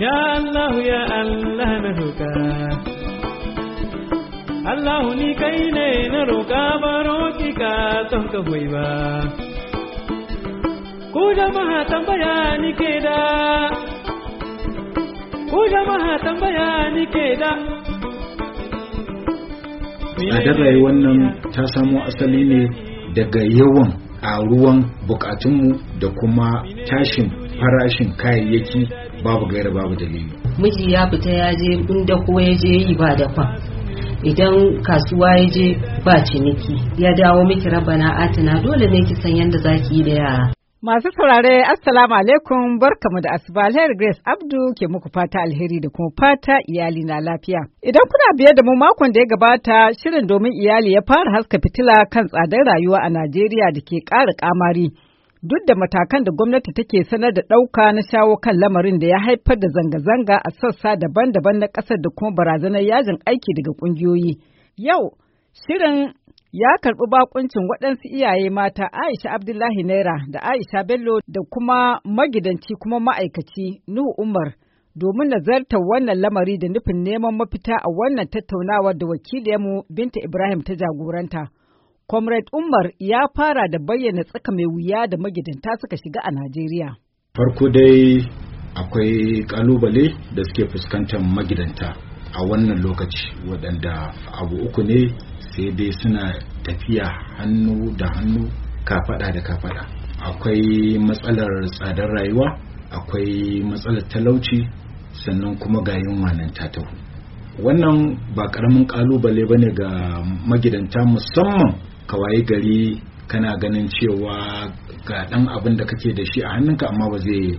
Ya Allah ya Allah na roƙa Allah ni kai ne na roƙa baro ki ka san ka hoyi ba Ku jama'a tambaya ni ke da Ku jama'a tambaya ni ke da Tsadar rayuwar nan ta samo asali ne daga yawan a ruwan da kuma tashin farashin kayayyaki babu gaira babu dalili miji ya fita ya je inda ko ya je yi ba da fa idan kasuwa ya je ba ciniki ya dawo miki rabana atina dole ne ki san yadda zaki yi da yara Masu saurare Assalamu alaikum barkamu da asuba alheri Grace Abdu ke muku fata alheri da kuma fata iyali na lafiya. Idan kuna biye da mu makon da ya gabata shirin domin iyali ya fara haska fitila kan tsadar rayuwa a Najeriya da ke ƙara kamari duk da matakan da gwamnati take sanar da ɗauka na shawo kan lamarin da ya haifar da zanga-zanga a sassa daban-daban na ƙasar da kuma barazanar yajin aiki daga ƙungiyoyi. Yau, shirin ya karɓi bakuncin waɗansu iyaye mata Aisha Abdullahi Naira da Aisha Bello da kuma magidanci kuma ma'aikaci Nuhu Umar domin nazartar wannan lamari da nufin neman mafita a wannan tattaunawar da wakiliyarmu Binta Ibrahim ta jagoranta. Comrade Umar ya fara da bayyana tsaka mai wuya da magidanta suka shiga a Najeriya. Farko dai akwai ƙalubale da suke fuskantar magidanta a wannan lokaci waɗanda abu uku ne sai dai suna tafiya hannu da hannu kafaɗa da kafaɗa. Akwai matsalar tsadar rayuwa, akwai matsalar talauci, sannan kuma ga yunwa nan ta tahu. Wannan ba ƙaramin ƙalubale ba ne ga magidanta musamman ka waye gari kana ganin cewa ga dan abin da kake da shi a hannunka amma ba zai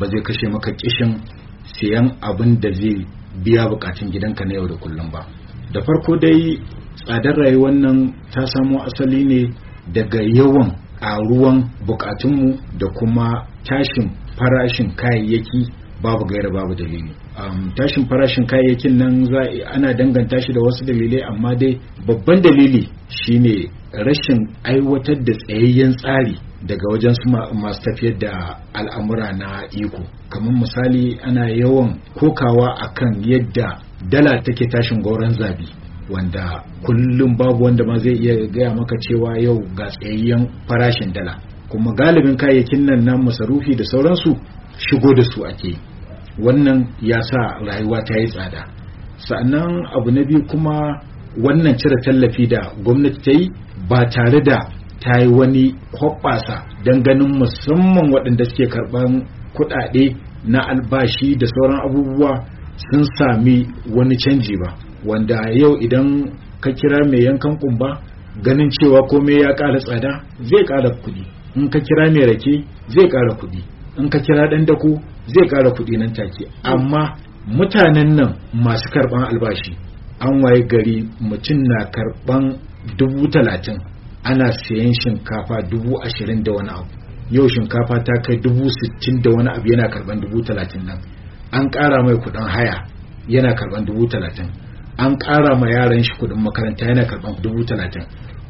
ba zai kashe maka kishin siyan abin da zai biya bukatun gidanka na yau da kullum ba da farko dai tsadar rayuwar nan ta samo asali ne daga yawan ƙaruwan bukatunmu da kuma tashin farashin kayayyaki babu gaira babu dalili um, tashin farashin kayayyakin nan ana danganta shi da wasu dalilai amma dai babban dalili shine rashin aiwatar da tsayayyen tsari daga wajen su masu tafiyar da al'amura na iko kamar misali ana yawan kokawa akan yadda dala take tashin gauran zabi wanda kullum babu wanda ma zai iya gaya maka cewa yau ga tsayayyen farashin dala kuma galibin kayayyakin nan na masarufi da sauransu shigo da su ake yi. wannan ya sa rayuwa ta yi tsada sannan abu na biyu kuma wannan cire tallafi da gwamnati ta yi ba tare da ta yi wani hoɓɓasa don ganin musamman waɗanda suke karɓan kuɗaɗe na albashi da sauran abubuwa sun sami wani canji ba wanda yau idan ka kira mai yankan ƙumba ganin cewa komai ya ƙara tsada zai ƙara kuɗi in ka kira mai rake zai ƙara kuɗi in ka kira dan dako zai ƙara kuɗi nan take amma mutanen nan masu karban albashi an waye gari mutum na karban dubu talatin ana sayan shinkafa dubu ashirin da wani abu yau shinkafa ta kai dubu sittin da wani abu yana karban dubu talatin nan an ƙara mai kuɗin haya yana karban dubu talatin an ƙara ma yaran shi kuɗin makaranta yana karban dubu talatin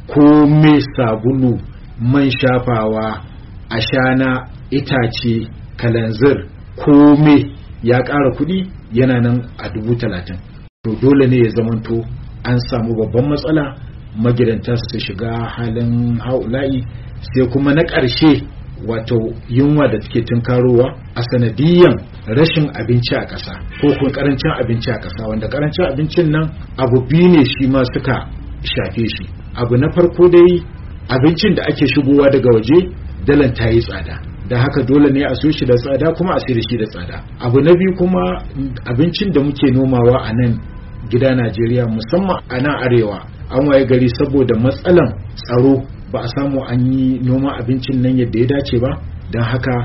ko me sabulu man shafawa ashana itace kalanzir kome ya ƙara kuɗi yana nan a dubu talatin to dole ne ya zamanto an samu babban matsala magidanta su shiga halin haula'i sai kuma na ƙarshe wato yunwa da take tunkarowa a sanadiyan rashin abinci a ƙasa ko kuma ƙarancin abinci a ƙasa wanda ƙarancin abincin nan abu biyu ne shi ma suka shafe shi abu na farko dai abincin da ake shigowa daga waje dalan ta yi tsada da haka dole ne a so shi da tsada kuma a da shi da tsada abu na biyu kuma abincin da muke nomawa a nan gida najeriya musamman a nan arewa an waye gari saboda matsalan tsaro ba a samu an yi noma abincin nan yadda ya dace ba don haka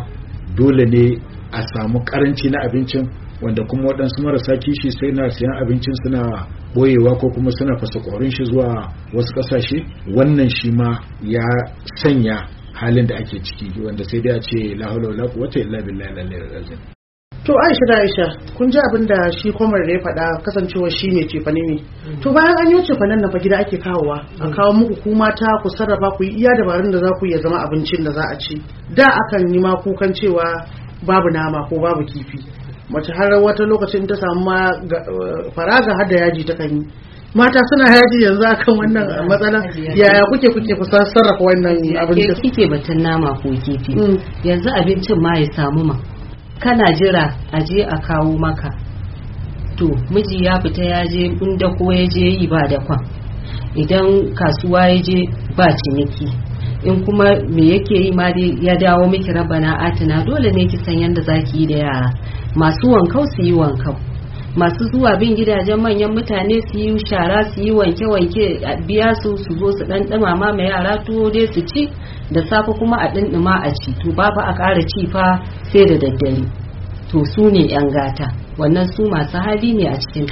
dole ne a samu karanci na abincin wanda kuma waɗansu marasa kishi sai na siyan abincin suna ɓoyewa ko kuma suna fasa ƙorin shi zuwa wasu ƙasashe wannan shi ma ya sanya halin da ake ciki wanda sai dai a ce la hawla wala quwwata illa billahi ilaha illa azim to Aisha da Aisha kun ji abin da shi komar ya faɗa kasancewa shi ne cefane ne to bayan an yi fanan nan fa gida ake kawowa a kawo muku ku mata ku sarrafa ku yi iya dabarun da za ku iya zama abincin da za a ci da akan yi ma kukan cewa babu nama ko babu kifi mace har wata lokacin ta samu eh, faraga har da yaji ta kan yi mata suna yaji yanzu akan wannan matsalan yaya kuke kuke kusa sarrafa wannan abincin kike batun nama ko kifi mm. yanzu abincin ma ya samu ma kana jira a je a kawo maka to miji ya fita ya je inda ko ya je yi ba da kwan idan kasuwa ya je ba ciniki in kuma me yake yi ma ya dawo miki rabana atina dole ne ki san yadda zaki yi da yara masu wankau su yi wankau masu zuwa bin gidajen manyan mutane su yi shara su yi wanke-wanke a biya su su zo su dan dumama ma yara tuwo dai su ci da safe kuma a dindima a ci to ba fa a kara ci fa sai da daddare to su ne yan gata wannan su masu hali ne a cikin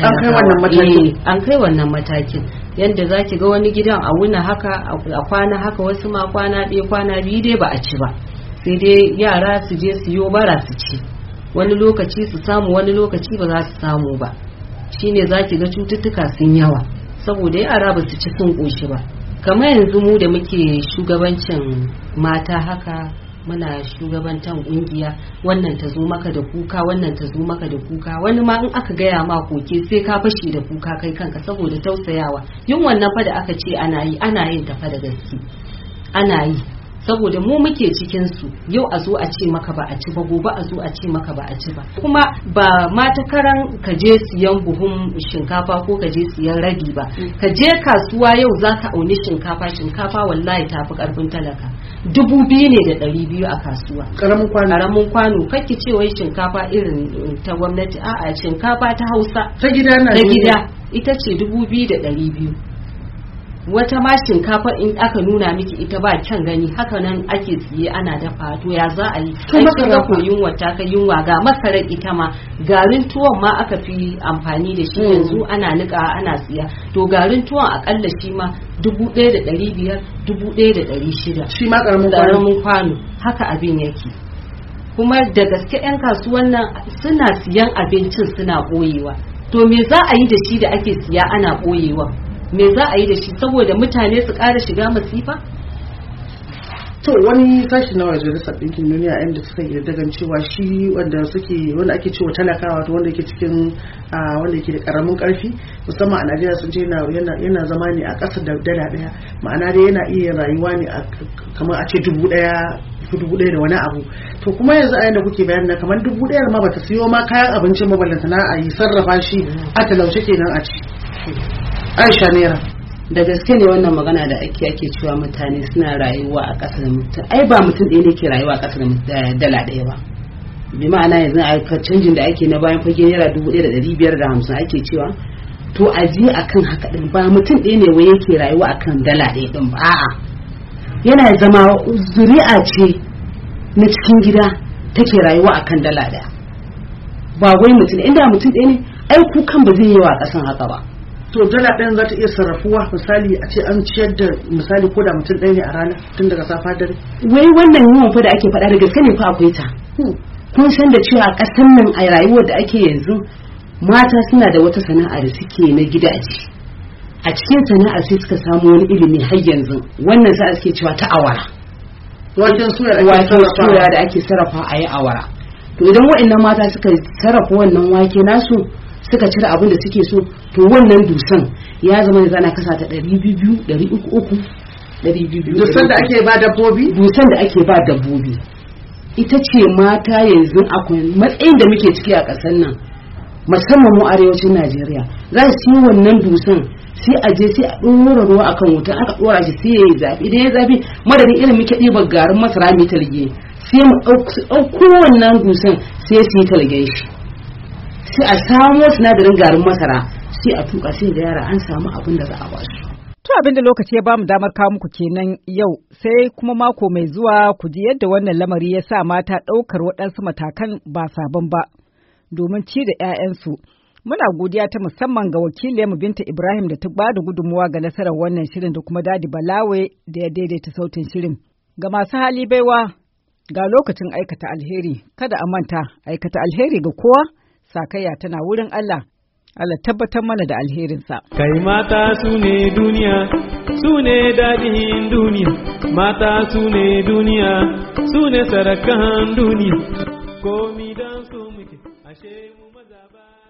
an kai wannan matakin eh, yadda za ki ga wani gidan a wuna haka a kwana haka wasu ma kwana ɗaya kwana biyu dai ba a ci ba sai dai yara su je su yo bara su ci wani lokaci su samu wani lokaci ba za su samu ba shine za ki ga cututtuka sun yawa saboda yara ba su ci sun ƙoshi ba kamar yanzu mu da muke shugabancin mata haka muna shugabantan ƙungiya wannan ta zo maka da kuka wannan ta zo maka da kuka wani ma in aka gaya ma koke sai ka fashe da kuka kai kanka saboda tausayawa yin wannan fa da aka ce ana yi ana yin tafa da gaske ana yi saboda mu muke cikin su yau a zo a ce maka ba a ci ba gobe a zo a ce maka ba a ci ba kuma ba ma karan ka je siyan buhun shinkafa ko ka je siyan ragi ba mm. ka je kasuwa yau za ka auni shinkafa shinkafa wallahi tafi karfin talaka dubu biyu ne da ɗari biyu a kasuwa karamin kwano karamin kwano kake ce wai shinkafa irin eh, ta gwamnati a'a shinkafa ta Hausa ta gida na ta gida ita ce dubu biyu da ɗari biyu wata ma shinkafa in aka nuna miki ita ba kyan gani haka nan ake tsiye ana dafa to ya za a yi kuma ka ko yunwa ta ka yunwa ga masarar ita ma garin tuwon ma aka fi amfani da shi hmm. yanzu ana nika ana tsiya to garin tuwon akalla shi ma dubu ɗaya da ɗari biyar dubu ɗaya da ɗari shida shi ma ƙaramin kwano haka abin yake kuma da gaske 'yan kasuwan nan suna siyan abincin suna ɓoyewa to me za a yi da shi da ake siya ana ɓoyewa me za a yi da shi saboda mutane su kara shiga masifa to wani sashi na majalisar ɗinkin duniya inda suka yi daga cewa shi wanda suke wanda ake cewa talakawa to wanda yake cikin wanda yake da karamin karfi musamman a najeriya sun ce yana zama ne a ƙasa da dala ɗaya ma'ana dai yana iya rayuwa ne kamar a ce dubu ɗaya dubu ɗaya da wani abu to kuma yanzu a yanda kuke bayan na kamar dubu ɗaya ma bata siyo ma kayan abincin mabalanta na a yi sarrafa shi a talauce kenan a ci aisha naira da gaske ne wannan magana da ake ake cewa mutane suna rayuwa a ƙasa da mutum ai ba mutum ɗaya ne ke rayuwa a ƙasa da dala ɗaya ba bi ma'ana yanzu a canjin da ake na bayan fage naira dubu ɗaya da ɗari biyar da hamsin ake cewa to a je a kan haka ɗin ba mutum ɗaya ne wai yake rayuwa a kan dala ɗaya ɗin ba a'a yana zama zuri'a ce na cikin gida take rayuwa a kan dala ɗaya ba wai mutum inda mutum ɗaya ne ai kukan ba zai yi wa ƙasan haka ba to dala ɗaya za ta iya sarrafuwa misali a ce an ciyar da misali ko da mutum ɗaya ne a rana tun daga safa dare wai wannan yawan fa da ake faɗa da gaske ne fa akwai ta hmm. kun san da cewa ƙasar nan a rayuwar da ake yanzu mata suna da wata sana'a da suke na gidaje a cikin sana'a sai suka samu wani ilimi har yanzu wannan sa suke cewa ta awara wajen sura da ake sarrafa a yi awara to idan waɗannan mata suka sarrafa wannan wake nasu suka cire abin da suke so to wannan dusan ya zama ne zana kasa ta ɗari biyu dusan da ake ba dabbobi dusan da ake ba dabbobi ita ce mata yanzu akwai matsayin da muke ciki a ƙasar nan musamman mu arewacin najeriya za su yi wannan dusan sai a je sai a ɗora ruwa akan wuta aka ɗora shi sai ya yi zafi idan ya zafi madadin irin muke ɗiba garin masara mai talge sai mu wannan dusan sai su yi talgen shi sai a samo sinadarin garin masara sai a tuka sai da yara an samu abin da za a basu To abinda lokaci ya ba mu damar kawo muku kenan yau sai kuma mako mai zuwa ku ji yadda wannan lamari ya sa mata ɗaukar waɗansu matakan ba sabon ba domin ci da 'ya'yansu. Muna godiya ta musamman ga mu Binta Ibrahim da ta ba da gudunmuwa ga nasarar wannan shirin da kuma Dadi Balawe da ya daidaita sautin shirin. Ga masu hali baiwa ga lokacin aikata alheri kada a manta aikata alheri ga kowa sakayya tana wurin Allah. Allah tabbatar mana da alherinsa. Kai mata su ne duniya, su ne daɗin duniya, mata su ne duniya, su ne sarakan duniya, komi don su muke, ashe mu maza ba.